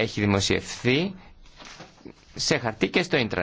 έχει δημοσιευθεί σε χαρτί και στο ίντρανετ.